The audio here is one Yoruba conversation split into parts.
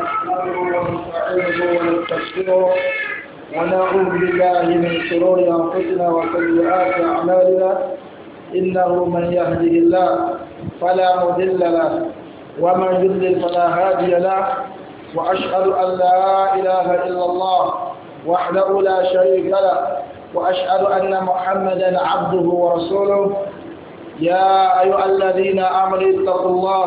نحمده ونستعينه ونستغفره ونعوذ بالله من شرور انفسنا وسيئات اعمالنا انه من يهده الله فلا مضل له ومن يضلل فلا هادي له واشهد ان لا اله الا الله وحده لا شريك له واشهد ان محمدا عبده ورسوله يا ايها الذين امنوا اتقوا الله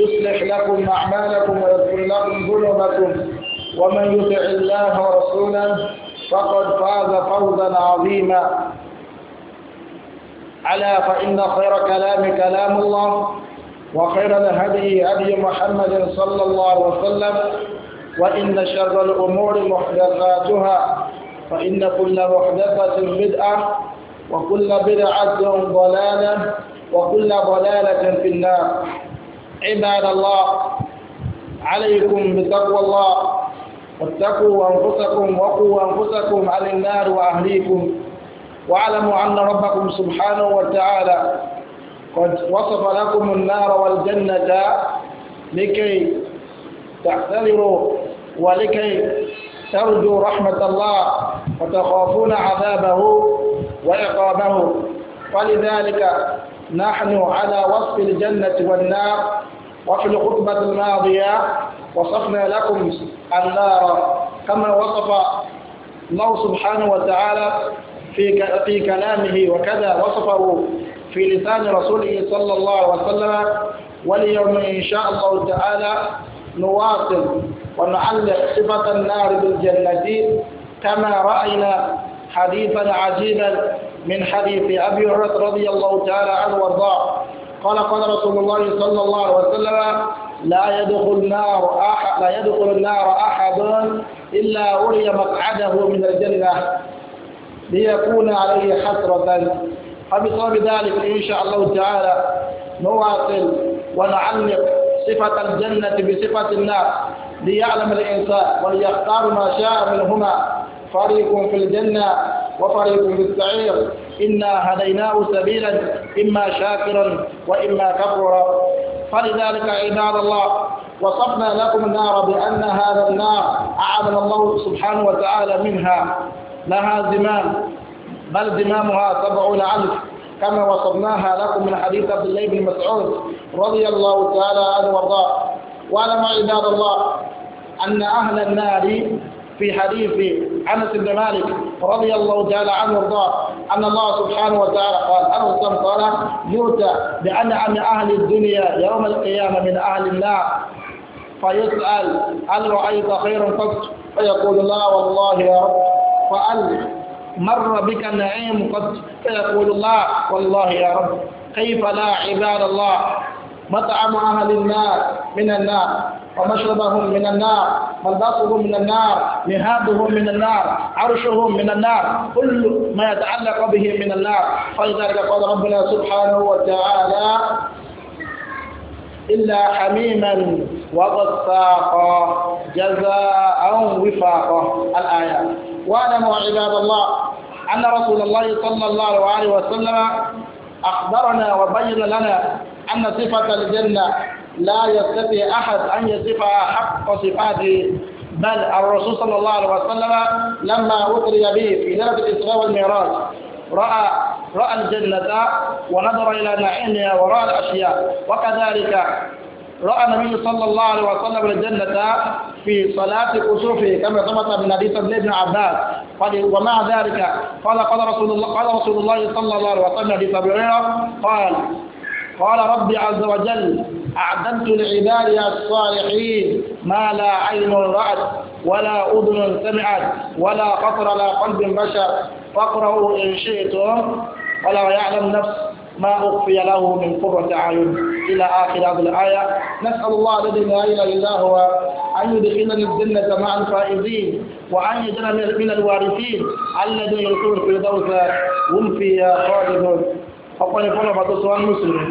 يصلح لكم أعمالكم ويغفر لكم ذنوبكم ومن يطع الله ورسوله فقد فاز فوزا عظيما ألا فإن خير كلام كلام الله وخير الهدي هدي محمد صلى الله عليه وسلم وإن شر الأمور محدثاتها فإن كل محدثة بدعة وكل بدعة ضلالة وكل ضلالة في النار عباد الله عليكم بتقوى الله واتقوا أنفسكم وقوا أنفسكم عن النار وأهليكم واعلموا أن ربكم سبحانه وتعالى قد وصف لكم النار والجنة لكي تعتذروا ولكي ترجوا رحمة الله وتخافون عذابه وعقابه فلذلك نحن على وصف الجنة والنار وفي الخطبة الماضية وصفنا لكم النار كما وصف الله سبحانه وتعالى في في كلامه وكذا وصفه في لسان رسوله صلى الله عليه وسلم واليوم إن شاء الله تعالى نواصل ونعلق صفة النار بالجنة كما رأينا حديثا عجيبا من حديث أبي هريرة رضي الله تعالى عنه وارضاه قال قال رسول الله صلى الله عليه وسلم لا يدخل النار أحد لا يدخل النار أحد إلا أري مقعده من الجنة ليكون عليه حسرة فبسبب ذلك إن شاء الله تعالى نواصل ونعلق صفة الجنة بصفة النار ليعلم الإنسان وليختار ما شاء منهما فريق في الجنة وفريق في السعير إنا هديناه سبيلا إما شاكرا وإما كفرا فلذلك عباد الله وصفنا لكم النار بأن هذا النار أعاذنا الله سبحانه وتعالى منها لها زمام بل زمامها سبعون ألف كما وصفناها لكم من حديث عبد الله بن مسعود رضي الله تعالى عنه وارضاه واعلم عباد الله أن أهل النار في حديث أنس بن مالك رضي الله تعالى عنه وارضاه أن الله سبحانه وتعالى قال أنا بن قال يؤتى بأن عن أهل الدنيا يوم القيامة من أهل النار فيسأل هل رأيت خيرا قط فيقول لا والله يا رب فأل مر بك النعيم قط فيقول لا والله يا رب كيف لا عباد الله مطعم أهل النار من النار ومشربهم من النار ملبسهم من النار مهابهم من النار عرشهم من النار كل ما يتعلق به من النار فلذلك قال ربنا سبحانه وتعالى إلا حميما وغساقا جزاء وفاقا الآية واعلموا عباد الله أن رسول الله صلى الله عليه وسلم أخبرنا وبين لنا أن صفة الجنة لا يستطيع أحد أن يصفها حق صفاته بل الرسول صلى الله عليه وسلم لما أطري به في ليلة الإسراء والمعراج رأى رأى الجنة ونظر إلى نعيمها ورأى الأشياء وكذلك رأى النبي صلى الله عليه وسلم الجنة في صلاة كسوفه كما ثبت من حديث ابن عباس ومع ذلك قال قال رسول الله قال رسول الله صلى الله عليه وسلم في قال قال ربي عز وجل أعددت لعبادي الصالحين ما لا عين رأت ولا أذن سمعت ولا خطر على قلب بشر فاقرأوا إن شئتم ولا يعلم نفس ما أخفي له من قرة أعين إلى آخر هذه الآية نسأل الله الذي لا إله إلا هو أن يدخلني الجنة مع الفائزين وأن يجعلني من الوارثين الذين يدخلون في الفردوس هم فيها خالدون ọ̀pọ̀ ní fọlọ́mà tó sọ wọn mùsùlùmí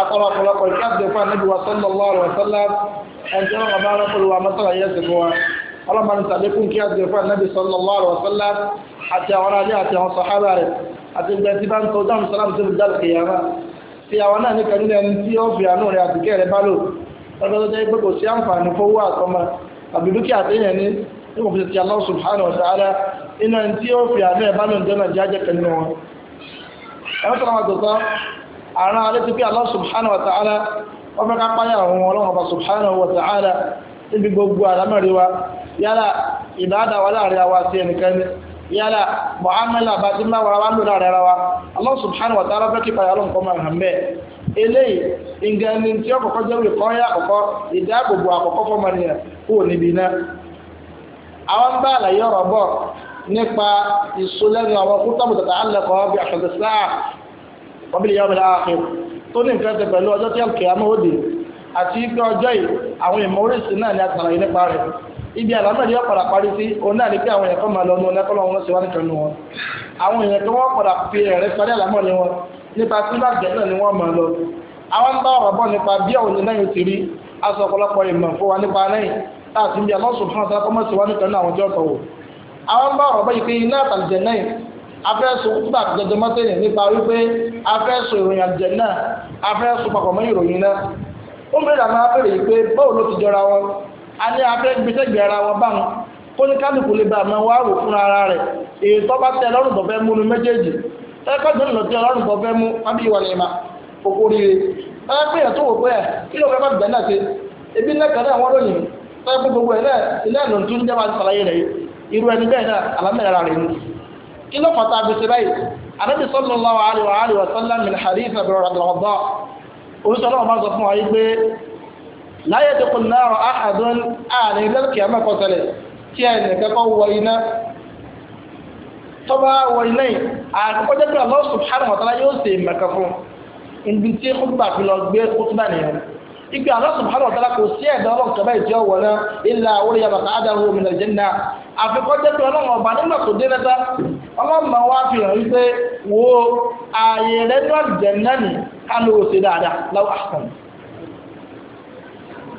akọrọ ọ̀pọ̀lọpọ̀ ìkí àti ìfọ̀ ànábì wa sọ́lọ́ lọ́rọ̀ ọ̀sọ́lá ẹni tí wọ́n bá rán pẹ̀lú wa mọ́tàlá yẹ́ sí fún wa ọlọ́mà ní sàlékún kí àti ìfọ̀ ànábì sọ́lọ́ lọ́rọ̀ ọ̀sọ́lá àti àwọn ará ilé àti àwọn sọ̀hábà rẹ̀ àti ìgbà tí bá ń tọ́ dáhùn sọ́lá tó fi dá lókè yàrá tí àwọn náà ní kanú ẹni tí ó fi àánú rẹ̀ àti kẹ́rẹ̀ bá lò lọ́dọ̀ tó jẹ́ pé kò sí àǹfààní fowó àtọmọ àbí dúkìá tó yẹn ní nípa fi ti Allah subhanahu wa ta'ala iná ẹni tí ó fi àánú ẹ̀ bá lò ń jẹ́ nàìjíríà jẹ́ kanú wọn ẹ̀mẹ́ta náà tó tán àrùn alẹ́ ti pé Allah subhanahu wa ta'ala wọ́n fẹ́ ká páyà àwọn ọlọ́run ọba subhanahu wa ta'ala níbi gbogbo àlámẹ́rin wa yálà ìbáàdà wa láàrin àwa àti ẹnìkan ni yálà fẹ́ kí páyà ọlọ́run kọ́ eléyìí nǹkan ni tí ọkọ̀kọ́ jẹ́ wí àkọ́kọ́ ìdáàbòbò àkọ́kọ́ fọ́mọ nípa ìsọlẹ́nu àwọn kútàbù tàbí alẹ́kọ̀ọ́ bí àṣàdẹ̀sá ọbílẹ̀ yọmọ láàfin tó ní nǹkan ṣe pẹ̀lú ọjọ́ tí ó kẹ́ àmọ́ òde àti ibi ọjọ́ yìí àwọn ìmọ̀ oríṣi náà ni a tààrà yìí nípa rẹ̀ ibi àlámọ̀ yóò padà parí sí òun náà ni pé àwọn ẹ̀kọ́ máa lọ nù ọ̀nẹ́kọ́ lọ́wọ́ sí wá nìkan nù wọn àwọn èèyàn tó wọ́n padà fi ẹ̀rẹ́ sọ ní wọn nípa tí bàjẹ́ náà ni wọ́n máa lọ àwọn ń bá ọ̀rọ̀ bọ̀ nípa bí òun náà yóò ti rí aṣọ ọ̀pọ̀lọpọ̀ ìmọ̀ fún wa nípa náà láti bí alọ́sùn fún ọ̀sán kọ́mọ̀sí wá náà àwọn ọjọ́ tọ̀wọ̀ àwọn bá ọ̀rọ̀ báyìí pé iná àtàlùjẹ náà afẹ́sọ kúta àtijọ́jọ́ mọ́tẹ́yìn nípa wípé afẹ́sọ ìròyìn àjẹ náà afẹ́sọ papọ̀ mọ́ ìròyìn náà ó mìíràn máa bèrè yìí pé báwo ló ti jọra wọn a ní afẹ́ gbẹ́sẹ̀gbẹ́ ara wọn báwọn kó ní kálukú lè bá àmọ́ wá rò fúnra ara rẹ̀ èyí tó bá tẹ lọ́rùn tó fẹ́ mú ní méjèèjì ẹ̀kọ́ tó ń lọ tẹ lọ́rùn tó fẹ́ mú ábí ìwà lè má kókó ẹgbẹ́ yẹn tó wò pé ẹ̀ kí ló fẹ́ bá gbẹ́ náà ṣe ebi náà kàn náà wọ́n lóyìn tó yẹ kó gbogbo ẹ̀ náà ilé ẹ̀ irú ẹni bẹ́ẹ̀ náà alámẹ́ra rẹ̀ ni kí ló fọ́ta bí ṣe báyìí anábì sallallahu alaihi wa sallam min hadith abdul rabba oríṣi ọlọ́run máa sọ fún wa yìí pé láyé tó kún náà àádọ́n àárín lẹ́lẹ́kì àmọ́kọ̀sẹ̀lẹ̀ tí ẹ̀ nìkẹ́kọ̀ wọ iná tọ́ba wọ iná yìí àkọ́kọ́ jẹ́ pé Allah subhanahu wa yóò ṣe mẹ́kà fún ibi tí kútùbà fi lọ gbé kútùbà nìyẹn ibi Allah subhanahu wa ta'ala kò sí ẹ̀dá ọlọ́run kẹfẹ́ ìtì ọ̀wọ̀ náà ilà orí yàrá àdáhùn omi nàìjíríà náà àfikọ́jẹ́ pé ọlọ́run ọba nígbà tó dé lẹ́tà ọlọ́run máa wá fi hàn wípé wo ààyè rẹ̀ náà jẹ̀ náà ní kálọ̀ òsè dáadáa láwọn àkànní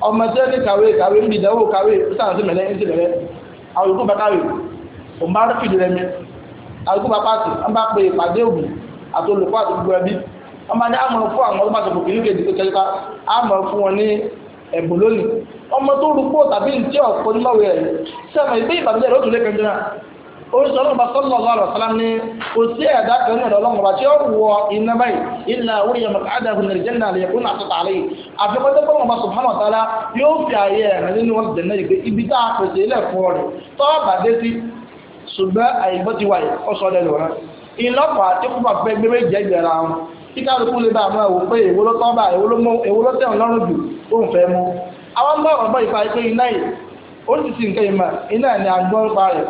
ọmọ tí kawe ní kàwé kàwé ń bi ìdánwò kàwé sísan sí mẹlẹ ń sí mẹlẹ àwọn yòókù bá kàwé òun bá fìdí rẹ mi bá pààtì wọn bá ìpàdé òbí àti àti gbogbo ẹbí wọn bá ní fún àwọn oríṣi ọlọ́mọba sọ́nà ọlọ́rọ̀ sọ́lá ní kò sí ẹ̀dá kan náà lọ́mọba tí ó wọ iná báyìí ilà orí yẹn mọ̀ká àdàbò ní ìjẹ́ náà lè kún àtúntà fi ẹ̀rẹ́ nínú wọn náà ibi tá a pèsè ilẹ̀ fún ọ rẹ̀ tọ́wọ́ bàdé sí ṣùgbọ́n àyìnbó ti wáyé ó sọ ọ́ ìlọ́pàá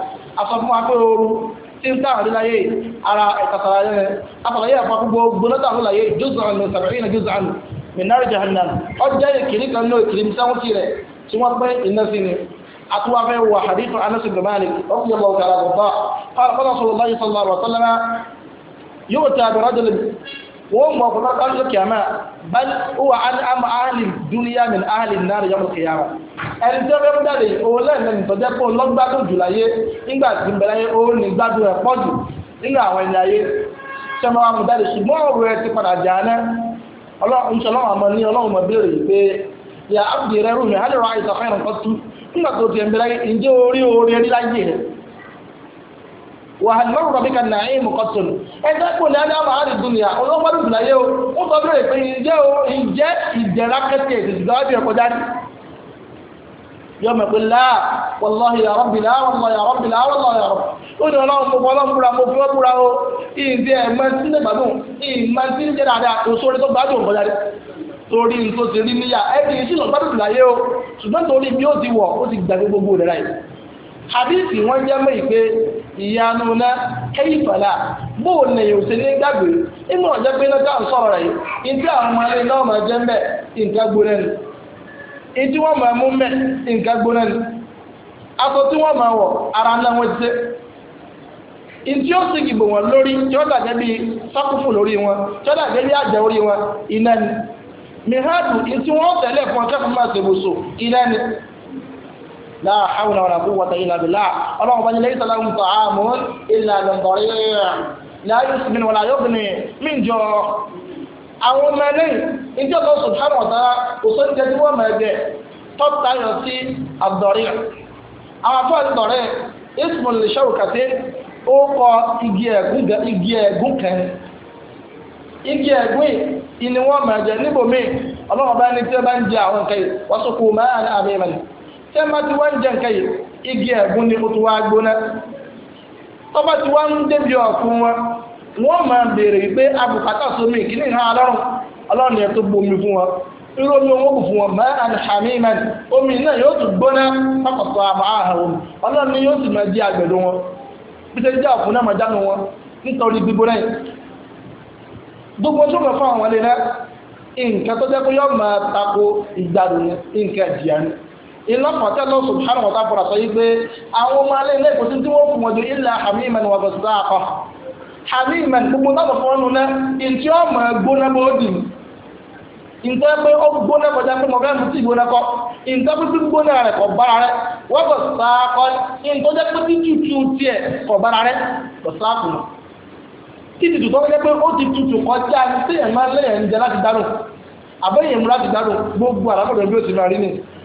tí aṣọ fún wa pé ooru tí ń dáhùn níláyé ara ìtàkàlàyé rẹ̀ àtàlàyé àpapọ̀ gbogbo náà dáhùn láyé juz'an min sab'ina juz'an min nar jahannam ọjọ́ ìkìlì kan náà ìkìlì هو حديث أنس بن مالك الله تعالى عنه قال صلى الله عليه وسلم يؤتى برجل wọ́n mọ̀ fún lọ́kọ́ ọjọ́ kìámà bal wà á àmà áhàlì dúníyà mi áhàlì náà yọmọ kìámà ẹni tó fẹ́ jáde òun lẹ́nu ìtọ́jẹ́ pé nígbà tí ń bẹ̀rẹ̀ ní pọ̀ jù nínú àwọn ẹni ayé ṣùgbọ́n ọ̀rọ̀ ti padà jà náà ọlọ́run wàhálì mọ́rù rọ̀bí kan náà ẹ̀yìn mọ́kọ́tún ẹ̀dá kò ní adá máa rí dunya ọlọ́pàá dùn láyé o ó sọ bí rẹ̀ pé ǹjẹ́ o ǹjẹ́ ìjẹ́ra kẹ́kẹ́ ìdìdìgbà bí ẹ̀kọ́ jáde yọmọ pé láà wàlláhi ya rabbi láà wàlláhi ya rabbi láà wàlláhi ya rabbi ó ní ọlọ́run mo fọlọ́ múra mo fi wọ́n múra o ìdí ẹ̀ máa ti ń dẹ̀ gbádùn ìmọ̀ ti ń jẹ́ dáadáa kò torí n tó ti rí níyà ẹni ìṣìlọ̀ gbádùn láyé o ṣùgbọ́n torí bí ó ti wọ̀ ó ti gbàgbé gbogbo rẹ̀ láyé. àdìsí wọn jẹ́ mọ́ ìpè ìyanu ná kẹ́yìfàlà bụ lè yóò ṣe ní gbàgbé inú ọ̀jẹ́ pé iná táwọn sọ̀rọ̀ rẹ̀ yìí ìdí àwọn ọmọ ilé náà máa jẹ́ mbẹ́ nǹkan gbóná ni ìdí wọ́n máa mú mbẹ́ nǹkan gbóná ni aṣọ tí wọ́n máa wọ̀ ara ti ṣe ó sì gbìbò wọn lórí tí dàgẹ́ bí lórí wọn tí dàgẹ́ bí àjẹ́ orí wọn لا حول ولا قوة إلا بالله. اللهم bá ní lẹ́yìn sọ́lá ń tọ́ àmú illa lọ́ndọ̀rí láyé sinmi wala yóò bìnrin mí jọ àwọn ọmọ ẹlẹ́yìn ìjọ kan subhanahu wa ta'ala òṣò ń jẹ tí wọ́n mọ̀ ẹgbẹ́ tọ́ta yọ sí àdọ̀rí àwọn afọ́ àdọ̀rí ismul shawkati ó kọ igi ẹ̀gún kan igi ẹ̀gún yìí ni wọ́n mọ̀ ẹ̀jẹ̀ bá ní tí wọ́n bá ń jẹ àwọn nǹkan yìí wọ́n sọ kò máa ń àbẹ̀yẹ̀mẹ̀lẹ̀ tẹ́ bá ti ń jẹ nǹkan yìí igi ẹ̀gún ni mo ti wá gbóná ń débi ọ̀fun wọn wọ́n máa béèrè wípé abùkátà sómi ìkíní ìhàn alọ́run ọlọ́run yẹn tó gbomi fún wọn irú omi owó fún wọn omi náà yóò tún gbóná pápákọ̀ àmọ́ àhàwọn ọlọ́run ni yóò máa di wọn jẹ́ ọ̀fun náà máa jánu wọn nítorí gbígbóná yìí gbogbo tó máa fún àwọn ilé náà nǹkan tó jẹ́ pé ìlọ́pàá tẹ́lọ̀ subhanahu wa ta'ala fọ̀rọ̀ sọ yí pé àwọn ọmọ ala ilé ìkọ̀sí tí wọ́n fún wọn ju illa hamiman wa akọ hamiman gbogbo náà fọ́ ọ́nù náà ìtí gbóná bó pé ó gbóná kọ pé bára pé bára pé ó ti tutù kọjá ní sèyàn máa lẹ́yìn láti láti gbogbo bí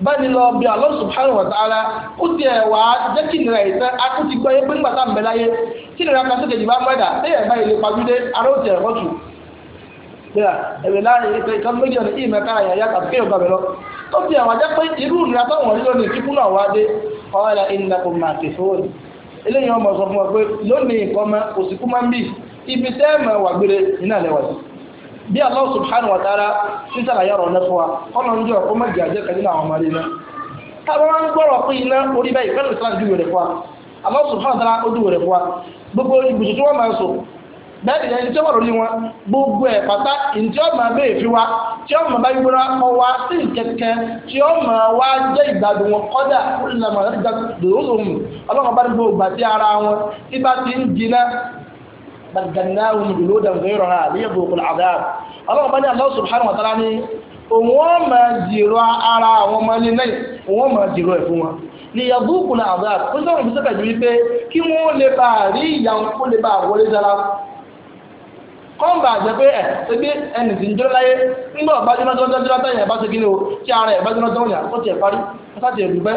báyìí lọ bí Allah subhanahu wa ta'ala ó ti ẹ̀ wá jẹ́ kí nira ìtẹ́ akú ti gbọ́ yé pé nígbà tá à ń bẹ láyé kí nira kan sókè jù bá mọ́ ẹ̀dá lẹ́yìn báyìí lè pàdúdé ara ó ti ẹ̀rọ tù gbéra ẹ̀rẹ̀ láàrin ìpè ìkan méjì ọ̀nà ìmẹ̀ kára yẹn yàtọ̀ kí yóò gbàgbé lọ tó ti àwọn ajá pé irú ìnira táwọn ọ̀rí lónìí kíkú náà wá dé ọ̀rẹ́ ìnàkùn màkì fóònù eléyìí ọmọ sọ fún ọ pé lónìí nǹkan mọ́ òsìkú máa ń bì ibi tẹ́ mọ̀ bí Allah subhanahu wa ta'ala ń sàlàyé ọ̀rọ̀ náà fún wa ọ̀nà ń jẹ́ ọ̀kọ́ mọ́jì àjẹ́ kan nínú àwọn ọmọ rẹ̀ náà táwọn máa ń gbọ́rọ̀ pé iná orí báyìí pẹ̀lú ìsìlá ju rẹ̀ fún wa subhanahu wa ta'ala rẹ̀ fún gbogbo ibùsùn tí wọ́n máa ń sọ bẹ́ẹ̀ni ẹni tí ó wà wọn gbogbo ẹ̀ pátá ìdí ọmọ bal gannahum juludan ghayraha liyadhuqu al'adhab ọlọ́run bá ní Allah subhanahu wa ta'ala ní òun ó máa jìrọ ara àwọn ọmọ ilé náà òun ó máa jìrọ ẹ̀ fún wọn liyadhuqu al'adhab ó sọ̀rọ̀ fi sọ́kà ju wípé kí wọ́n lè bá rí ìyà kó lè bá wọlé dára kọ́ńbà àjẹ́ pé ẹ̀ ẹgbẹ́ ẹnì tí ń jọ láyé ńgbọ́ bájúmọ́tò ń dájú látàyè ẹ̀ bá ti kí ni o kí ara ẹ̀ bájúmọ́tò ń yà ó ti ẹ̀ parí ó sá ti ẹ̀ dùgbẹ́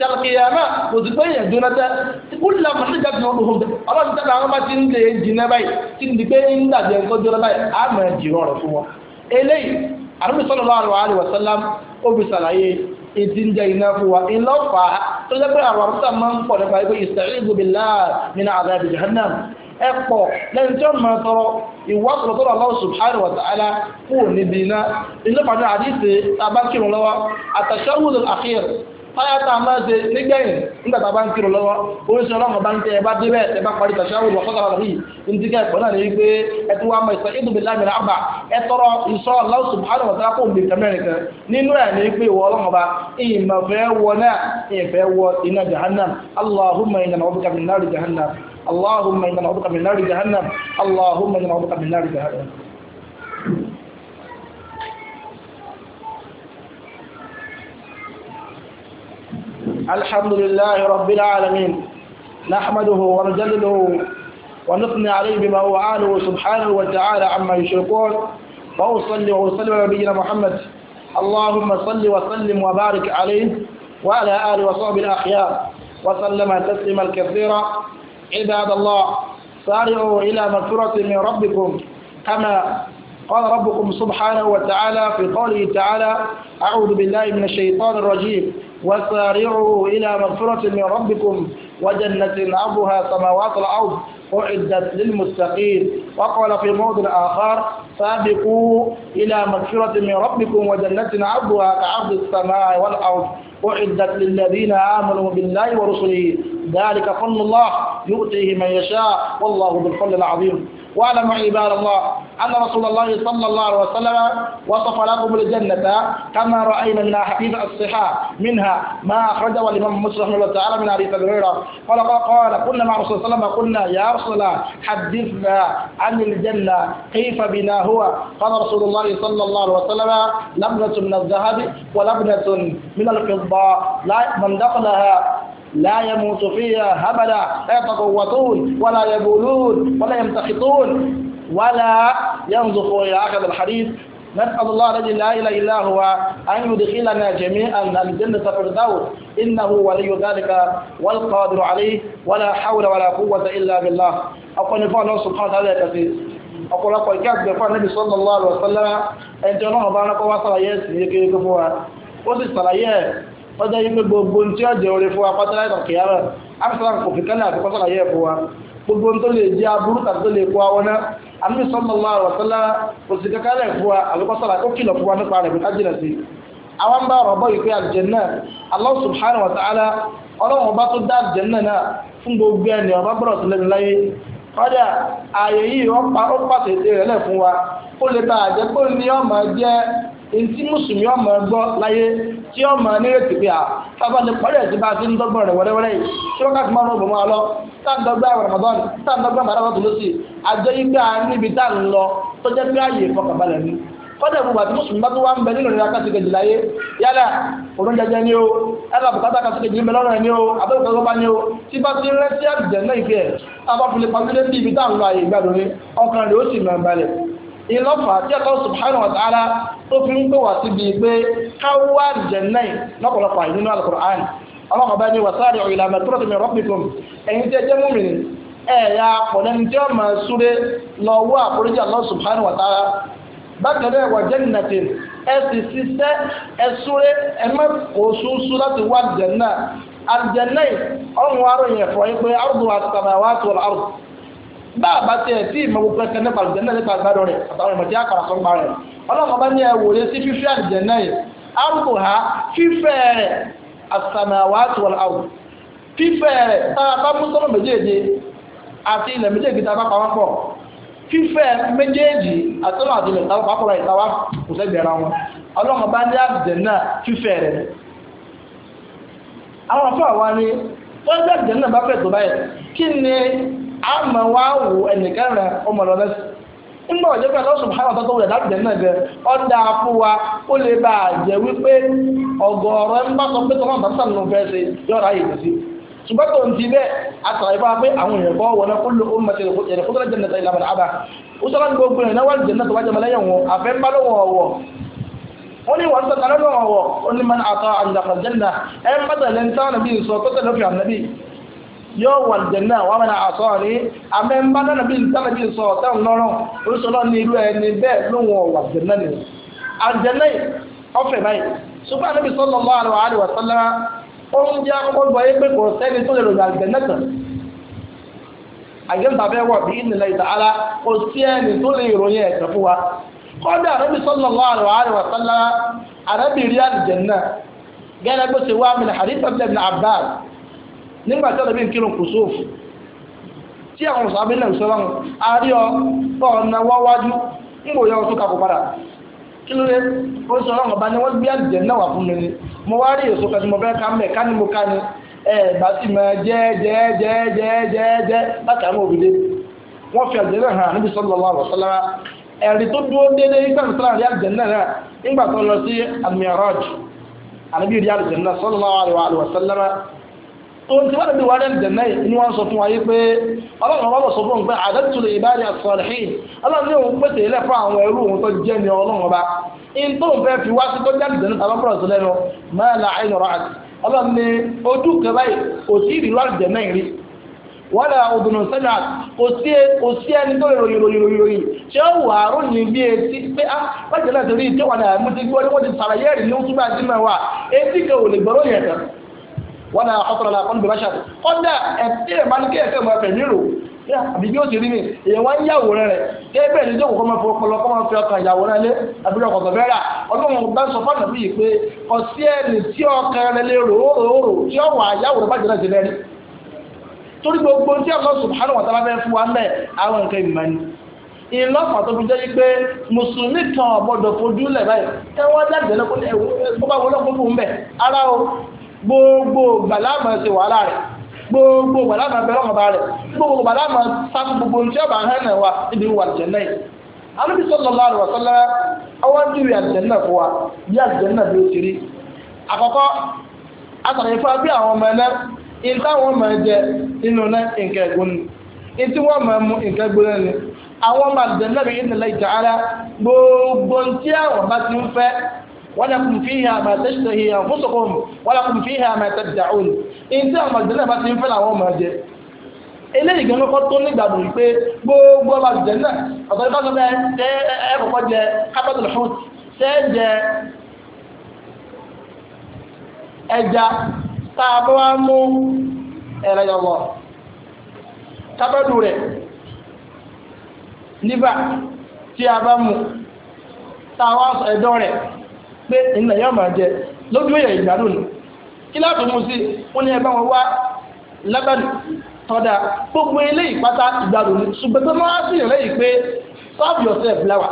yàlùkìyàmà kò sì pé èèyàn jóná tẹ kúlẹ̀ mọ̀ nígbà tí wọ́n lò fún bẹ́ẹ̀ ọlọ́run tẹ́lẹ̀ àwọn bá ti ń lè jìnnà báyìí tí ń di pé ń dàbí ẹ̀kọ́ jóná báyìí á mọ̀ ẹ̀ jìrọ̀ rẹ̀ fún wọn. eléyìí àrùn sallallahu alaihi wasallam ó fi sàlàyé ìdí ń jẹ iná fún wa iná fà á tó jẹ́ pé àwọn àrùn máa ń pọ̀ nípa pé ista'izu billahi subhanahu wa ta'ala kúrò níbi iná ilé pàdé àdìsí abákìrún lọ́wọ́ at-tashahhud akhir ọ̀yà tá se máa ṣe nígbẹ̀yìn nígbà tá a bá ń kírun lọ́wọ́ oríṣi ọlọ́run bá ń tẹ ẹ bá débẹ̀ ẹ bá parí tàṣà wò lọ́kọ́ sára rí ndígá ẹ̀kọ́ náà ní wípé ẹ ti wá mọ ìsọ ìdùnnú lámì rábà ẹ tọrọ ìsọ Allah subhanahu wa kó mi kẹmẹ́rin kan nínú ẹ̀ ní pé ìwọ ọlọ́run bá ìmọ̀ fẹ́ wọ náà ìfẹ́ wọ iná jahannam allahumma inna na'uduka min nari jahannam allahumma inna na'uduka min nari jahannam allahumma inna na'uduka min nari jahannam. الحمد لله رب العالمين نحمده ونجلله ونثني عليه بما هو عاله سبحانه وتعالى عما يشركون وأصلي وأسلم على نبينا محمد اللهم صل وسلم وبارك عليه وعلى آله وصحبه الأخيار وسلم تسليما كثيرا عباد الله سارعوا إلى مغفرة من ربكم كما قال ربكم سبحانه وتعالى في قوله تعالى أعوذ بالله من الشيطان الرجيم وسارعوا إلى مغفرة من ربكم وجنة عرضها سماوات الأرض أعدت للمستقيم وقال في موضع آخر سابقوا إلى مغفرة من ربكم وجنة عرضها كعرض السماء والأرض أعدت للذين آمنوا بالله ورسله ذلك فضل الله يؤتيه من يشاء والله ذو الفضل العظيم واعلموا عباد الله أن رسول الله صلى الله عليه وسلم وصف لكم الجنة كما رأينا من حديث الصحاح منها ما أخرجه الإمام مسلم رحمه الله تعالى من حديث هريرة قال قال كنا مع رسول الله قلنا يا رسول الله حدثنا عن الجنة كيف بنا هو قال رسول الله صلى الله عليه وسلم لبنة من الذهب ولبنة من الفضة لا من دخلها لا يموت فيها أبدا لا يتقوتون ولا يبولون ولا يمتخطون ولا ينظفوا إلى آخر الحديث نسأل الله الذي لا إله إلا هو أن يدخلنا جميعا الجنة الفردوس إنه ولي ذلك والقادر عليه ولا حول ولا قوة إلا بالله أقول نفع الله سبحانه وتعالى كثير أقول أقول كاتب نفع النبي صلى الله عليه وسلم أنت نوع بانك وصل يسير كيف هو وصل يسير ọjọ́ yìí pé gbogbo tí ó jẹ́ oore fún wa pátá láìpẹ́ kìyàrá amsterdam kò fi kálẹ̀ àti pátá láyé fún wa gbogbo tó lè jẹ́ aburú tàbí tó lè kó àwọn náà àmì sọ́mọ́lá ọ̀sọ́lá òsì kankanlẹ̀ fún wa àbí pátá Allah subhanahu wa ta'ala ọlọ́run ọba tó dá àlùjànnà náà fún gbogbo ẹni ọba gbọ́dọ̀ tó lẹ́nu láyé kọ́dà ààyè yìí ó wa ó lè bá àjẹpọ̀ ní ntí mùsùlùmí ọmọ ẹgbọ́ láyé tí ọmọ nírètí pé à sábà ní pọ́lẹ̀ tí bá ti ń dọ́gbọ̀n rẹ̀ wẹ́rẹ́wẹ́rẹ́ yìí tí wọ́n káàkiri máa ń bọ̀ máa lọ sáńdọ́gbà Ramadan sáńdọ́gbà màdàbà tó lọ́sì àjọ yìí pé à níbi tá à ń lọ tó jẹ́ pé àyè ìfọkànbalẹ̀ ni kọ́dà ìbùbà tí mùsùlùmí bá tó wá ń bẹ nínú ìrìnàká sí kejì láyé yálà ni o ẹlà bùkátà kan sí kejì níbẹ̀ ni o abẹ́rẹ́ kan bá ni o tí bá ti rẹ́ sí àjẹ́ náà ìfẹ́ ẹ̀ tá ìlọ́fà tí Allah subhanahu wa ta'ala tó fi ń pè wá síbi pé káwá àlùjànnà lọ́pọ̀lọpọ̀ àyè nínú alukur'an ọlọ́run ọba ní wasari ìlà mẹ́tọ́rọ̀ tẹ̀mí rọ́pìkùn ẹ̀yin tí ẹ jẹ́ múmìnì ẹ̀yà pọ̀lẹ́ni tí ó bá a bá tiẹ̀ tí ìmọ̀ gbogbo nípa àlùjẹ́ náà nípa àgbàdo rẹ̀ àtàwọn ìmọ̀ tí a kàrà sọ́gbà rẹ̀ ọlọ́run ọba ní sí fífẹ́ àlùjẹ́ náà yìí arúgbó ha fífẹ́ rẹ̀ fífẹ́ rẹ̀ tá a bá mú sọ́nà méjèèjì àti ilẹ̀ méjèèjì tá a bá pa wọ́n pọ̀ fífẹ́ méjèèjì tá a bá pọ̀ a ma wá wò ẹnìkan rẹ ọmọ lọ lẹ́sìn nígbà òjò pẹ̀lú ọ̀sùn báyọ̀ tó tó wulẹ̀ láti dẹ̀ náà gẹ̀ ọ́ da fún wa ó lè bá a jẹ́ wípé ọ̀gọ̀ọ̀rọ̀ ń bá sọ pé tọ́lá bá sàn ló fẹ́ ṣe yọ̀ọ̀rọ̀ ayé sí ṣùgbọ́n tó ń ti bẹ́ẹ̀ àtàrà ìfọwọ́ pé àwọn èèyàn kọ́ wọn kó lo ohun mẹ́tẹ̀ẹ̀rẹ̀ kó tẹ̀lé kó tẹ̀lé jẹ́nẹ̀ta ìlànà àbá ó sọ́lá gbogbo ẹ̀ náwó jẹ́nẹ̀ tó wá jẹ́mọ lẹ́yìn wọn àfẹ́ ń bá lọ́wọ́ ọ̀wọ́ ó ní wọn tẹ̀lé lọ́wọ́ ọ̀wọ́ ó ní mọ́n àtọ́ àjàkọ̀ jẹ́nà ẹ̀ ń bá tẹ̀lé ń tán nàbí sọ tó tẹ̀lé fi ànàbí yóò wọ àlùjànnà wọn mẹ́ta àṣọ rí àmẹ́ ń bá nàbí ntànàbí sọ ọ̀tẹ́ ńlọrọ̀ oríṣiríṣi ní irú ẹni bẹ́ẹ̀ ló wọ àlùjànnà ni àlùjànnà ọ̀fẹ́ báyìí ṣùgbọ́n ànábì sallallahu alaihi wa sallam oúnjẹ akọ́gbọ̀ yẹ pé kò sẹ́ni tó lè rògbò àlùjànnà tán àjẹ́ǹtà fẹ́ wọ̀ bí ìnìlẹ̀ ìtàhálà kò sí ẹni tó lè ròyìn ẹ̀sẹ̀ fún wa kọ́dà ànábì sallallahu alaihi wa sallam ànábì rí gẹ́gẹ́ bó ṣe wá min hadith Ibn Abbas nígbà tí ọ̀dọ̀bí ń kírun kò sóòfù tí àwọn mùsàlámì náà ń sọ láwọn àárí ọ bọ́ ọ̀nà wáwájú ń wòye ọ tó kakò padà kí ló dé ó sọ láwọn ọba ni wọ́n gbé àjẹ́ náà wà fún mi ni mo wá rí èso kan tí mo fẹ́ ká mẹ́ ká ní mo ká ni ẹ bá sì mọ jẹ́ jẹ́ jẹ́ jẹ́ jẹ́ jẹ́ láti àwọn òbílẹ̀ ohun tí wọ́n ti wá rẹ̀ dẹ̀nà yìí ni wọ́n sọ fún wa yìí pé ọlọ́run ọba sọ fún un pé àdẹ́tù lè bá rí àsọ̀rọ̀hìn ọlọ́run ní òun pèsè ilẹ̀ fún àwọn ẹrú òun tó jẹ́ ni ọlọ́run ọba in tó ń fẹ́ fi wá sí tó jáde dẹ̀nà tàbí ọ̀rọ̀ sílẹ̀ nu máa la àyìn rọ̀ àti ọlọ́run ní ojú kẹfà yìí kò sí ìrìlú àdẹ̀nà yìí wọ́lá ọdúnnù sẹ́nà kò sí ẹni tó ìròyìn ròyìn ròyìn ròyìn ah, tí ó wà ròyìn bí etí pé á wájú náà torí ìjọba náà mo ti gbọ́ ní wọ́n ti sàlàyé ẹ̀rí ní oṣù bá ti mẹ́wàá etí kan ò lè gbọ́rọ̀ yẹn kan wọn náà ọkọlọ náà kọ́ńdù bàṣà kọ́ńdà ẹ̀tí ẹ̀ máa ń kí ẹ̀fẹ́ máa fẹ̀ nílò àbí bí ó ti rí mi èèyàn wá ń yàwòrán rẹ̀ kébẹ̀ ní ìjókòó máa fọ ọpọlọ kọ́ máa fi ọkàn ìyàwòrán lé àbí ọkọ̀ tó bẹ́rà ọlọ́run bá sọ fọ́nà bí yìí pé ọsí ẹni tí ọkàn rẹ̀ lè rò ó rò ó rò tí ọwọ́ àyàwòrán bàjẹ́ náà ti rẹ̀ rí torí gbogbo tí Allah subhanahu wa ta'ala fẹ́ fún wa mẹ́ àwọn nǹkan ìmọ̀ ni ìlọ́pàá tó fi jẹ́ wípé mùsùlùmí kan ọ̀gbọ́dọ̀ fojú lẹ̀ báyìí ẹ wọ́n gbogbo gbàlámà ṣe wàhálà rẹ̀ gbogbo gbàlámà bẹ̀rẹ̀ ọ̀gá rẹ̀ gbogbo gbàlámà sáfù gbogbo ní ọba hàn náà wà níbi wà jẹ̀nẹ̀ yìí. alábi sallallahu alaihi wasallam ọwọ́ ń dìrì àjẹ̀nà fún wa bí àjẹ̀nà bí ó ti rí. àkọ́kọ́ àtàrà ìfọ́ bí àwọn ọmọ ẹ̀nẹ́ ìta wọn máa jẹ inú náà nǹkan ẹ̀gbọ́n ni ìtí wọn máa mú nǹkan ẹ̀gbọ́n ni àwọn ọmọ àjẹ̀nà bí ìnìlẹ̀ ìjà ara gbogbo tí àwọn bá ti ń fẹ́ ولكم فيها ما تشتهي أنفسكم ولكم فيها ما تدعون إن تأم ما تنفل عوام هجي eléyìí gan lọkọ tó nígbàgbọ́ wípé gbogbo ọba jẹ náà ọ̀tọ̀ ìfọ́ sọ pé ẹ kọ́kọ́ jẹ capital food ṣe a bá wá mú a pé ìnà yóò máa jẹ lójú èèyàn ìgbádùn ni kí láti mú sí ó ní ẹgbẹ́ wọn wá lẹ́bẹ̀ẹ́nì tọ́da gbogbo ilé ìpátá ìgbádùn ni ṣùgbọ́n tó máa sì pé serve yourself láwà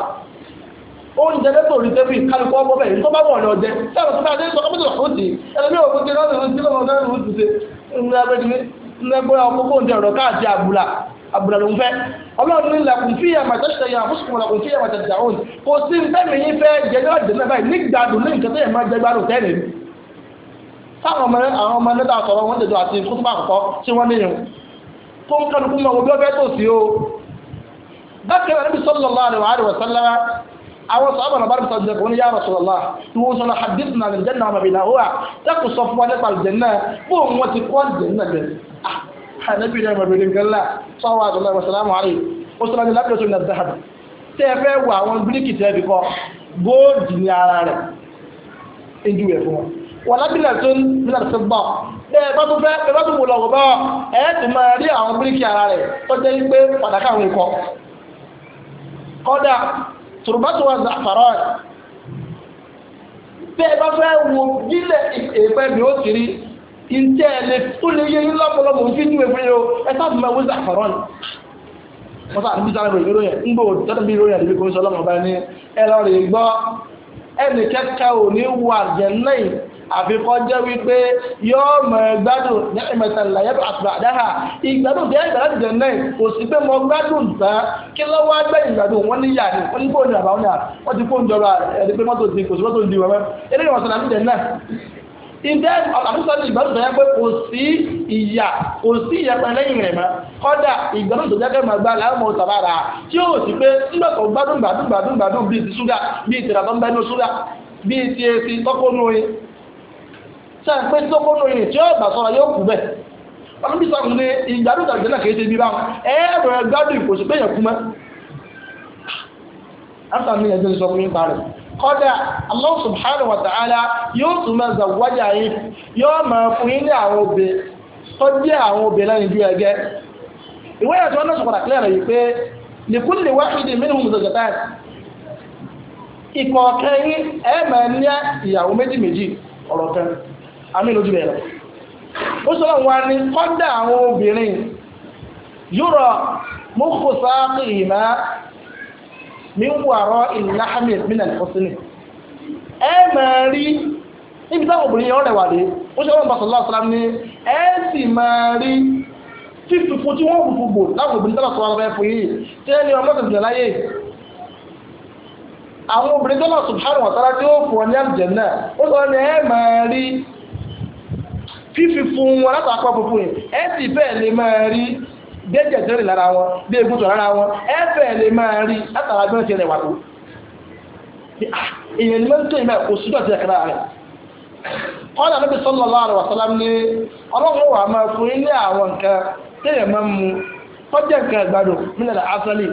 oúnjẹ lẹ́tọ̀ orí tẹ́bí kálukú ọgbọ́ bẹ́ẹ̀ tó bá wọ̀ ní ọjẹ́ sẹ́wọ̀n tó bá dé sọ ọmọdé ọ̀hún ti ẹlẹ́mí àbùdá ló ń fẹ́ ọlọ́run ní lẹ́kùn fi ẹ̀ màtẹ́ ṣe yàn fún ṣùgbọ́n lẹ́kùn fi ẹ̀ màtẹ́ dàrún kò sí fẹ́mi yín fẹ́ jẹjọ́ ìdènà báyìí nígbàdùn ní nǹkan tó yẹ máa jẹ gbádùn tẹ́lẹ̀ mi. táwọn ọmọ àwọn ọmọ nẹ́ta sọ̀rọ̀ wọn dèjọ àti kútùbà àkọ́kọ́ tí wọ́n níyàn kó ń kálukú mọ obi ọbẹ̀ tó sí o. bákan ànábì ní ẹ̀mọ̀dé gẹ́lá sọ́wọ́ àtọ́lá ìwọ̀sálàmù àrí ó sọ́lá ní lápẹ́sọ ní àdáhàbì tẹ́ ẹ fẹ́ wọ àwọn bíríkì tẹ́ fi kọ́ góòdì ní ara rẹ̀ ẹjú rẹ̀ fún wọn. wọ́n lábìlẹ̀ tó ń bílẹ̀ tó bọ̀ ẹ bá tó fẹ́ ẹ bá tó wò lọ́wọ́ bọ́ ẹ ti máa rí àwọn bíríkì ara rẹ̀ tó jẹ́ pé pàtàkì àwọn ikọ̀ kọ́dà tùrùbátù wà zàfàrọ̀ tẹ́ ẹ bá fẹ́ wo bílẹ̀ èèpẹ́ mi ó ti rí ntẹ ẹlẹ ó lè yẹ yín lọ́pọ̀lọpọ̀ òfin ní ìwé o ẹ sábà máa wọ́n sàkọ̀rọ̀ ni wọ́n sábà níbi sáré ìròyìn ìròyìn ń gbòòdì tọ́tà bí ìròyìn àdébí kòmíṣọ́ ọlọ́mọ ọba ní ẹ lọ rè gbọ́ ẹnì kẹ́kẹ́ ò ní wọ àjẹ náà àfikọ́ jẹ́ wípé yóò mọ̀ ẹ́ gbádùn ní ẹ̀mẹ̀ta ìlàyẹ̀bù àtàdáhà ìgbádùn bí ẹ̀gbádùn àti jẹ̀nẹ́ kò sí pé mo gbádùn tán kí ló wá gbẹ́ ìgbádùn wọ́n ní yàrá wọ́n ní fóònù àbáwọn yàrá wọ́n ti fóònù jọba ẹ̀ẹ́dẹ́gbẹ́ mọ́tò ti kò sí mọ́tò ti wọ́n mẹ́ ìdẹ́ àbúsọ́lù ìgbọ́dọ̀ tó yẹ pé kò sí ìyà kò sí ìyẹpẹ lẹ́yìn rẹ̀ mọ́ kọ́dà ìgbọ́dọ̀ tó jẹ́ kẹ́mọ̀ gba láàmú tàbára tí ó sì pé nígbà tó gbádùn gbádùn gbádùn gbádùn bíi ti ṣúgà bíi ti ràbọ́n bẹ́nu ṣúgà bíi ti etí tọ́kọ́nù oyin ṣe é pé tọ́kọ́nù oyin tí ó bà sọ̀rọ̀ yóò kú bẹ́ẹ̀ wọ́n bí sọ̀rọ̀ ní ìgbádùn tàbí náà kì bí báwọn ẹ̀ẹ́dọ̀ kọ́dà Allah subhanahu wa ta'ala yóò tún máa zàwájà yín yóò máa fún yín ní àwọn obè tó jẹ́ àwọn obè lẹ́yìn ju ẹgẹ́ ìwé ẹ̀sọ́ náà sọ̀rọ̀ àkílẹ̀ rẹ̀ yìí pé likulli wahidin minhum zawjatan ìkọ̀ọ̀kan yín ẹ̀ máa ní ìyàwó méjì méjì ọ̀rọ̀ kan àmì lójú ó sọ wọn wá ní mi ń wàrọ̀ ìlàhámi ìpínlẹ̀ ìfọ́sílẹ̀ ẹ máa rí níbi táwọn obìnrin yẹn rẹwà dé ó ṣe wọn bá sọlá ọsàlám ní ẹ sì máa rí fífúfú tí wọn fúfú bò láwọn obìnrin tọ́lọ̀ sọlá ọsàlám fún yìí tí ẹni ọmọ tó jẹ láyé àwọn obìnrin tọ́lọ̀ subhanahu wa tí ó fún ọ ní àlùjánnà ó sọ ní ẹ máa rí fífúfú wọn látàkọ́ fúfú yìí ẹ sì bẹ́ẹ̀ lè máa rí bí ẹ̀jẹ̀ tẹ́rẹ̀ lára wọn bí egun sọ lára wọn ẹ̀fẹ̀ lè máa rí látara bí wọ́n ti rẹwà tó ah, èèyàn ni mẹ́tò ìmọ̀ kò sí dọ̀tí ẹ̀kẹ́ra rẹ̀ kọ́nà níbi sallallahu alaihi wasallam ní ọlọ́run wà máa fún ilé àwọn nǹkan téèyàn máa ń mu kọjá nǹkan ìgbàdo mílẹ̀ asali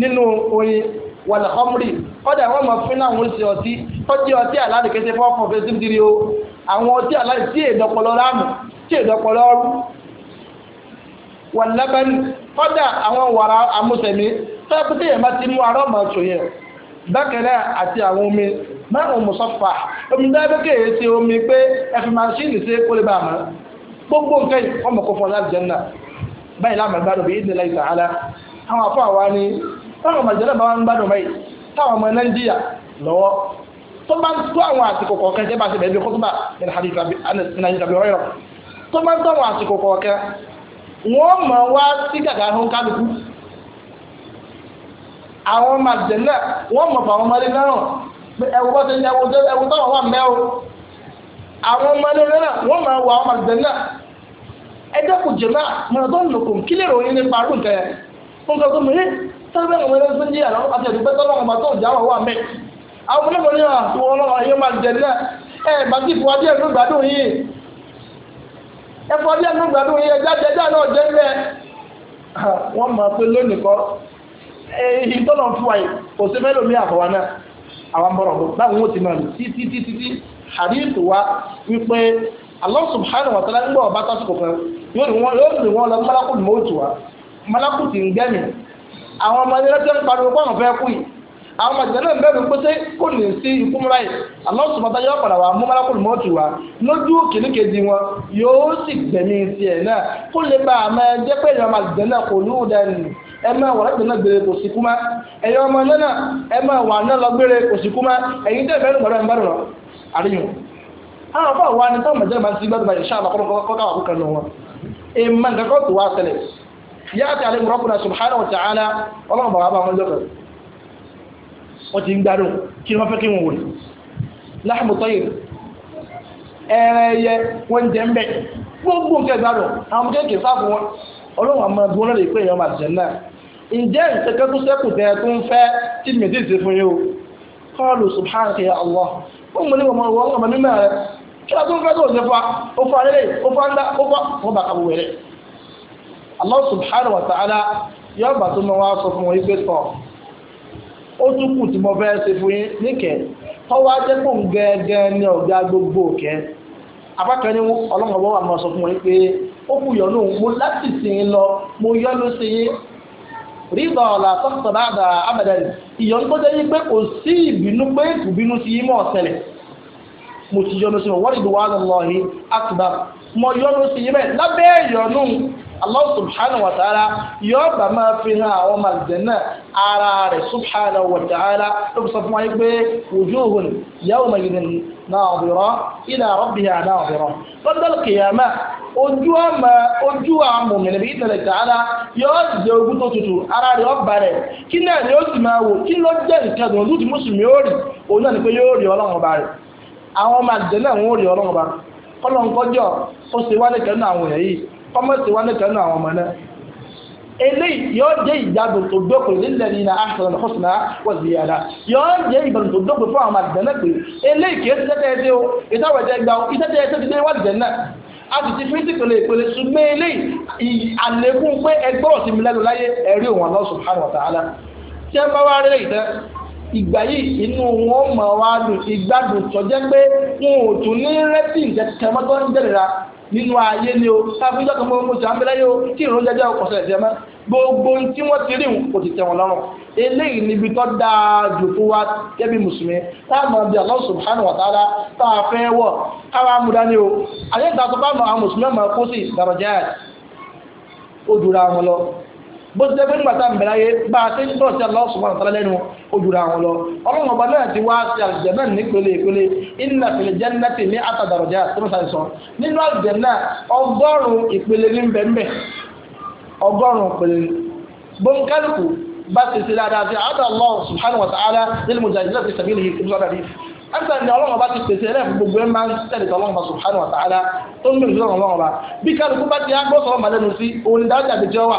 nínú oyin wàlẹ̀ khamri kọ́dà wọ́n máa fún láwọn oṣù ọtí kọjá ọtí aládìkẹ́sẹ̀ fọ́ọ̀fọ́ fẹ́ẹ́ sí wà lẹ́bẹ̀rì kọ́dà àwọn wàrà amúsẹ̀mí tọ́lá pété yẹn máa ti mú arọ́ mọ̀ ọ̀tún yẹn bákẹ́rẹ́ àti àwọn omi máa ń mùsọ́fà omi dábẹ́ kéèyé ṣe omi pé ẹ̀fì màṣíìnì ṣe kó lè bá a mọ̀ gbogbo nǹkan yìí wọ́n mọ̀ kó fún ọ láti jẹun náà báyìí láàmú ìgbádùn bíi ìdílé ìtàhálà àwọn afọ àwa ni táwọn màjẹ́rẹ́ bá wà ń gbádùn báyìí táwọn ọmọ nàìjíríà lọ́wọ́ tó bá ń tó àwọn àsìkò kọ̀ọ̀kan jẹ́ bá ṣe bẹ̀ẹ́ bí kótóbà ní wọ́n mọ̀ wá sí gàgà ahọ́n kálukú àwọn ọmọ àjẹ wọ́n mọ̀ fún àwọn ọmọdé náà ẹ̀wù ti ń ẹ̀wù tó ẹ̀wù tó wà àwọn ọmọdé náà wọ́n mọ̀ wọ àwọn ẹjẹ́ kò náà mọ̀ tó ń lòkùn kí lè ròyìn nípa arúgbó nǹkan yẹn nǹkan tó mìíràn sábẹ́ àwọn ọmọdé tó yíyà àti tó lọ́wọ́ tó jà náà wọ́n ẹ̀fọ́ bí ẹnu gbàdúrà yẹ jáde jáde náà jẹ́ mẹ́ wọ́n mọ̀ pé lónìí kọ́ èyí tó lọ fún wa yìí kò sí mẹ́lòó mi àfọwọ́ náà àwọn bọ̀rọ̀ bọ̀ báwo wọ́n ti máa lò títí títí tí hadith wa wípé Allah subhanahu wa ta'ala ń gbọ́ ọba tásìkò kan yóò rí wọn yóò rí wọn lọ malakul mawt wa malakul ti ń gbẹ́mì àwọn ọmọ ilé tó ń pariwo pọ́n fẹ́ kú yìí àwọn màjèjì náà bẹ̀rù pété kò ní sí ikú múra yìí àmọ́ sùpàtà yóò padà wà mú mọ́lákùn mọ́ọ̀tù wa lójú kìnnìkejì wọn yóò sì gbẹ̀mí tiẹ̀ náà kó lè bá a máa jẹ́ pé ìyọ̀mọ̀ àjẹjì náà kò lù ú dẹ́nu ẹ máa wà láti náà gbére kò sí kú mọ́ ẹ̀yin ọmọ náà ẹ máa wà náà lọ gbére kò sí kú mọ́ ẹ̀yin tẹ́ ìfẹ́ nígbàdàn bá dùn àríyàn. àwọn afọ àwọn anìtọ́ màjẹ́ máa ń sí gbàdúrà báyìí ṣáà lọ́kọ́ kọ́kọ́ káwà kúkan lọ wọn. èèmọ̀ nǹkan kan tó wá ṣẹlẹ̀ yáàtì wọ́n ti ń gbádùn kí wọ́n fẹ́ kí wọ́n ẹ̀rẹ̀ wọ́n jẹ́ mbẹ́ gbogbo àwọn wọn ọlọ́run àmọ́ ẹ̀dùn lọ́dọ̀ ìpè èèyàn màdìjẹ́ náà ǹjẹ́ sẹ́kù tó ń fẹ́ tí mi fún ya Allah wọ́n mú ní ọmọ ìwọ kí tó ń fẹ́ tó ń ó ó ó wọn bá kàwé Allah wa ta'ala wá sọ fún ó kù tí mo fẹ́ ṣe fún yín níkẹ́ tọ́wọ́ ajẹ́ gẹ́gẹ́ ní ọ̀gá gbogbo òkẹ́ abákan ní ọlọ́mọ ọwọ́ àmọ́ sọ fún wọn pé ó kù yọ̀nù láti lọ mo yọ sí yín ọ̀la tó pé kò sí ìbínú pé kò bínú sí yín mọ́ ọ̀sẹ̀lẹ̀ mo ti sí wọn wọ́n àtúbà mo Allah subhanahu wa ta'ala yóò bá máa fi hàn àwọn ọmọ àlùjànnà ara rẹ̀ subhanahu wa ta'ala ló fi sọ fún wa yìí pé wujuhun yawma idhin nadira ila rabbiha nadira lọ́dọ̀lù kìyàmá ojú ọmọ ojú àwọn mòmìnira bíi ìtẹ̀lẹ̀ ta'ala yóò jẹ́ ogún tó tutù ara rẹ̀ ọba rẹ̀ kí náà ni ó sì máa wò kí ló jẹ́ nǹkan tó ń mùsùlùmí ó rì òun náà ni pé yóò rí ọlọ́run ọba rẹ̀ àwọn ọmọ wọn ò rí ọlọ́run ọba kọ́lọ́ńkọ́jọ́ kọ́mọ̀sì wa ní kanú àwọn ọmọ náà eléyìí yóò jẹ́ ìjádùn tó dókòó nílẹ̀ ní iná ahsan husna wa ziyada yóò jẹ́ ìbẹ̀rù tó dókòó fún àwọn àdìjẹ́nà pé eléyìí kìí ṣiṣẹ́ tẹ́ẹ̀tẹ́ o ìtawẹ̀jẹ̀ gbà o iṣẹ́ tẹ́ẹ̀tẹ́ ti dé wà dìjẹ́nà a sì ti fíjì pèlè ìpèlè láyé ẹ̀rí òun Allah subhanahu wa ta'ala tí ẹ bá wá rí ìtẹ́ ìgbà yìí inú wọn mọ̀ wá dùn ìgbádùn tọ́jẹ́ pé wọn ò tún ní rẹ́tì nínú ayé ni o sáfíjọ́ kan gbogbo oṣù àbẹ́lẹ́yẹ o tí ìrún jẹjẹ ọkọ̀ ṣẹlẹ̀ jẹ mọ́ gbogbo tí wọ́n ti rí kò ti tẹ̀ wọ́n lọ́rùn eléyìí níbi tó dáa jù fún wa kẹ́bí mùsùlùmí táàmù àbí Allah subhanahu wa a fẹ́ wọ̀ káwa mú dání o àyè ìdásọ́pá àwọn mùsùlùmí ọmọ kó sí bó ti dẹ́gbẹ́ nígbà tá à ń bẹ̀rẹ̀ ayé bá a ti ń tọ́ sí Allah subhanahu wa ta'ala lẹ́nu ojúra àwọn lọ ọlọ́run ọba náà ti wá sí àlùjànnà nípele ìpele inna fil jannati mi'ata darajat tó ń sáré sọ nínú àlùjànnà ọgọ́rùn-ún ìpele ní bẹ́ẹ̀nbẹ́ ọgọ́rùn-ún ìpele bọ́ńkálùkù bá ti ṣe dáadáa sí àádọ́ Allah subhanahu wa ta'ala nínú mujahidina fi sabilihi ni ọlọ́run ọba ti pèsè ẹlẹ́fún gbogbo ẹ̀ máa ń tẹ̀lé tọ́ ọlọ́run ọba subhanahu tó ń gbèrè sí ọlọ́run bí kálukú bá ti á gbọ́ sọ̀rọ̀ màlẹ́nu sí òun dáadáa gbèjọ́ wà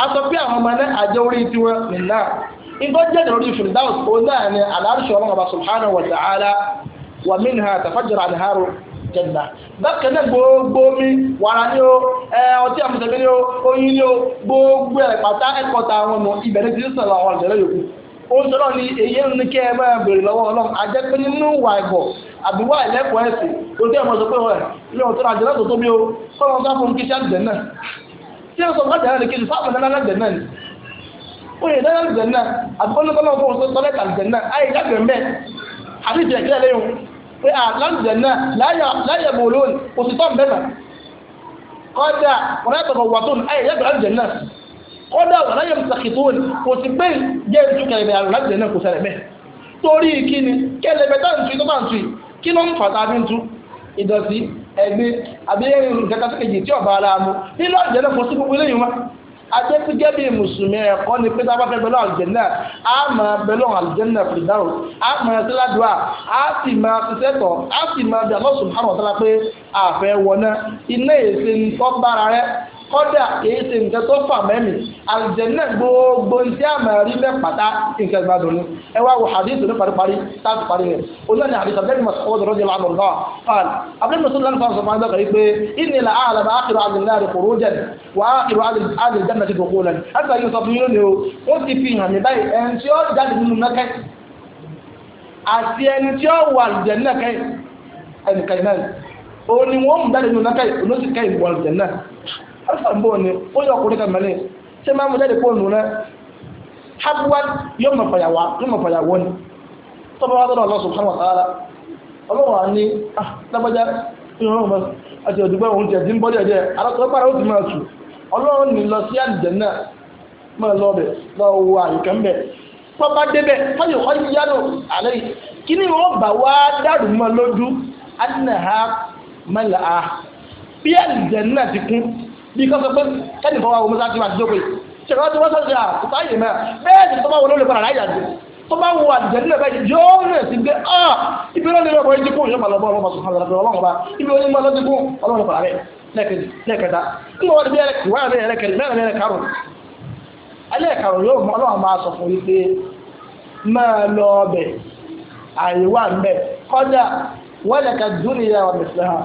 a sọ pé àwọn ọmọ náà àjẹ orí firdaus òun náà ni aláàrúṣe ọlọ́run ọba subhanahu wa ta'ala wa minha tafajjara anharu jẹnda bákan náà gbogbo mi wàrà ni o ọtí àmọ̀tẹ́bí o oyin ni o gbogbo ẹ̀ pátá ẹ̀kọ́ta àwọn ọmọ ìbẹ̀rẹ̀ ti ń sọ̀rọ̀ ni o tí wọ́n sọ fún àjàrà nìkejì fún àwọn ẹ̀dá àjẹ̀ náà ni wọ́n yẹ ẹ̀dá àjẹ̀ náà àtúkọ́ ní kọ́lọ́ fún sọ́lẹ̀ àjẹ̀ náà ayé jáde mbẹ́ àti ìjẹ̀ kílẹ̀ lẹ́yìn pé àjẹ̀ náà láyẹ̀ bò lónìí òsìtọ́ mbẹ́ mà kọ́dà wọ́n yẹ tọ̀kọ̀ wàtún ayé jáde àjẹ̀ náà kọ́dà wọ́n yẹ mùsàkìtún ìdọ̀tí ẹgbẹ́ abẹ́yẹrin olùkẹ́kẹ́kẹ́jì tí ọba ara mu nínú àjẹ́ náà kò sí gbogbo eléyìí wọn adékújẹ́ bíi mùsùlùmí ẹ̀kọ́ ni pété abáfẹ́ bẹ́lú àlùjẹ́nà á máa bẹ́lú àlùjẹ́nà fìdáwò á máa ṣe ládùúà á sì máa ṣiṣẹ́ tọ̀ á sì máa bí Allah subhanahu wa ta'ala pé àfẹ́ wọ̀ náà iná èsì ń tọ́ bára rẹ̀ kọ́dà kìí ṣe nǹkan tó fà mẹ́mì àlùjẹ̀nnà gbogbo iṣẹ́ àmàrí mẹ́pàtà nǹkan ìgbàdùn ni ẹ wá wo hadith ní paríparí táàtì parí rẹ̀ olú ẹni hadith abdul masoud rọ́jò lánà lọ́wọ́ qal abdul masoud lánà fáwọn sọmọ àgbàkà yìí pé inni la a'lam akhiru adil nari khurujan wa akhiru adil jannati dukhulan àti àyè sọ fún yín lónìí o ó ti fi hàn mí báyìí ẹni tí wà àlùjẹ̀nnà kẹ́ ẹnìkan àbúrò ni ó yọ ọkùnrin kan mẹ́lẹ̀ ṣé máa mú jáde fóònù rẹ habuwa yóò mọ̀ fàyàwá yóò mọ̀ fàyàwọ́ ni tọ́ba wa tọ́lọ̀ lọ́sùn fún àwọn ará ọlọ́wọ́ á ní ah, lágbájá ìrànlọ́wọ́ àti ọ̀dùgbọ́ òun jẹ̀ dín bọ́dẹ̀ jẹ́ alákọ̀ọ́pàá ó ti máa tù ọlọ́run ní lọ sí àdìjẹ́nà máa lọ bẹ̀ lọ wo àyíká mbẹ̀ tọ́ba débẹ̀ fáyọ̀ ọ̀yí yánú àlẹ́ yìí kí ni wọ́n bá wá dàrú mọ́ lójú anaha mẹ́lẹ̀ a bí àdìjẹ́nà ti kún bí kan sọ pé kẹ́ni fọwọ́ àwọn mọ́sáàtì máa ti dókòó yìí ṣèkọ́ tí wọ́n sọ̀rọ̀ àkùtà yìí mẹ́ bẹ́ẹ̀ ni tó bá wọlé olùkọ́ àráyà jù tó bá wọ àdìjẹ́ nílẹ̀ bẹ́ẹ̀ yóò rẹ̀ sí pé ah ibi ló ní ọkọ̀ ẹjì kú yóò máa lọ bọ́ ọmọ sùn hàn lọ́dọ̀ ọlọ́run ọba ibi oní máa lọ́dún kú ọlọ́run ọba rẹ̀ lẹ́ẹ̀kẹta nígbà wọn ni ìwà mi ẹ̀rẹ̀ kẹrin mẹ́rin mẹ́rin karùn ẹlẹ́ẹ̀karùn yóò mọ ọlọ́run máa sọ fún yìí pé máa lọ ọbẹ̀ àríwá ń bẹ̀ kọ́dà wọ́n lẹ̀ka dúró ìyá wa mẹ́sàn-án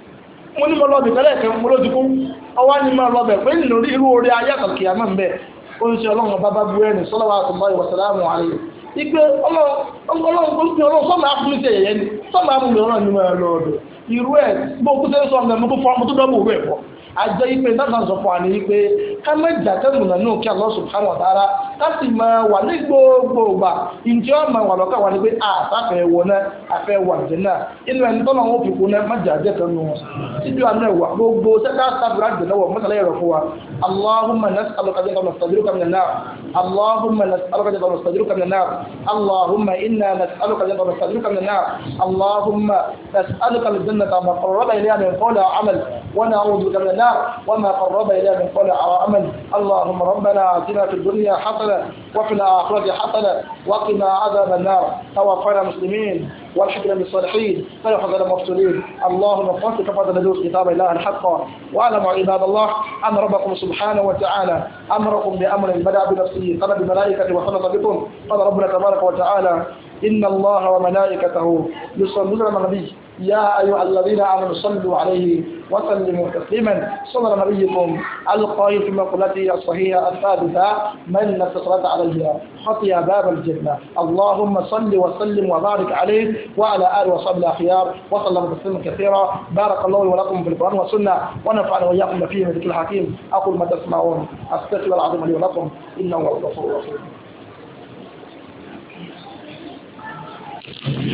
mo ní mo lọ bẹ̀ tẹ́lẹ̀ mo ló ti kú ọwọ́ ni mo lọ bẹ̀ pé nínú irú orí ayé àkàkì àmọ́ ń bẹ̀ ó ọlọ́run ọba bá bu ẹni sọ́lọ́wọ́ àtúmọ̀ ìwà sàlámù àlẹ́ ipe ọlọ́run tó ń pin ọlọ́run sọ́mà na ṣe yẹn ni sọ́mà ákùnrin ọlọ́run ni mo lọ bẹ̀ irú ẹ̀ bó àjẹ́ ipe dáadáa sọ fún wa ní wípé ká mẹ́jà tẹ́mùnà náà kí Allah subhanahu wa ta'ala láti máa wà ní gbogbo ìgbà ìjọ máa wà lọ́kàn wà ní pé àtàfẹ́ wọ náà àfẹ́ wà jẹ́ náà inú ẹni tọ́nà wọn fi kú náà mẹ́jà jẹ́ tẹ́nu wọn síbi àná ẹ̀wà gbogbo sẹ́ká sábìrì àjẹ́ náà wọ̀ mọ́tàlá ẹ̀rọ fún wa Allahumma النار وما قرب إليها من قول أو عمل اللهم ربنا آتنا في الدنيا حسنة وفي الآخرة حسنة وقنا عذاب النار توفنا مسلمين والحكم بالصالحين فلا حزن المفتولين اللهم قد كفى ندوس كتاب الله الحق واعلموا عباد الله ان ربكم سبحانه وتعالى امركم بامر بدا بنفسه قال بملائكته وخلق بكم قال ربنا تبارك وتعالى إن الله وملائكته يصلون على النبي يا أيها الذين آمنوا صلوا عليه وسلموا تسليما صلى على نبيكم القائل في مقولته الصحيحة الثابتة من لا صلاة عليها خطي باب الجنة اللهم صل وسلم وبارك عليه وعلى آله وصحبه الأخيار وسلم تسليما كثيرا بارك الله ولكم في القرآن والسنة ونفعنا وإياكم فيه من ذكر الحكيم أقول ما تسمعون أستغفر العظيم لي ولكم إنه هو الغفور الرحيم الله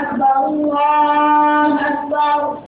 أكبر الله أكبر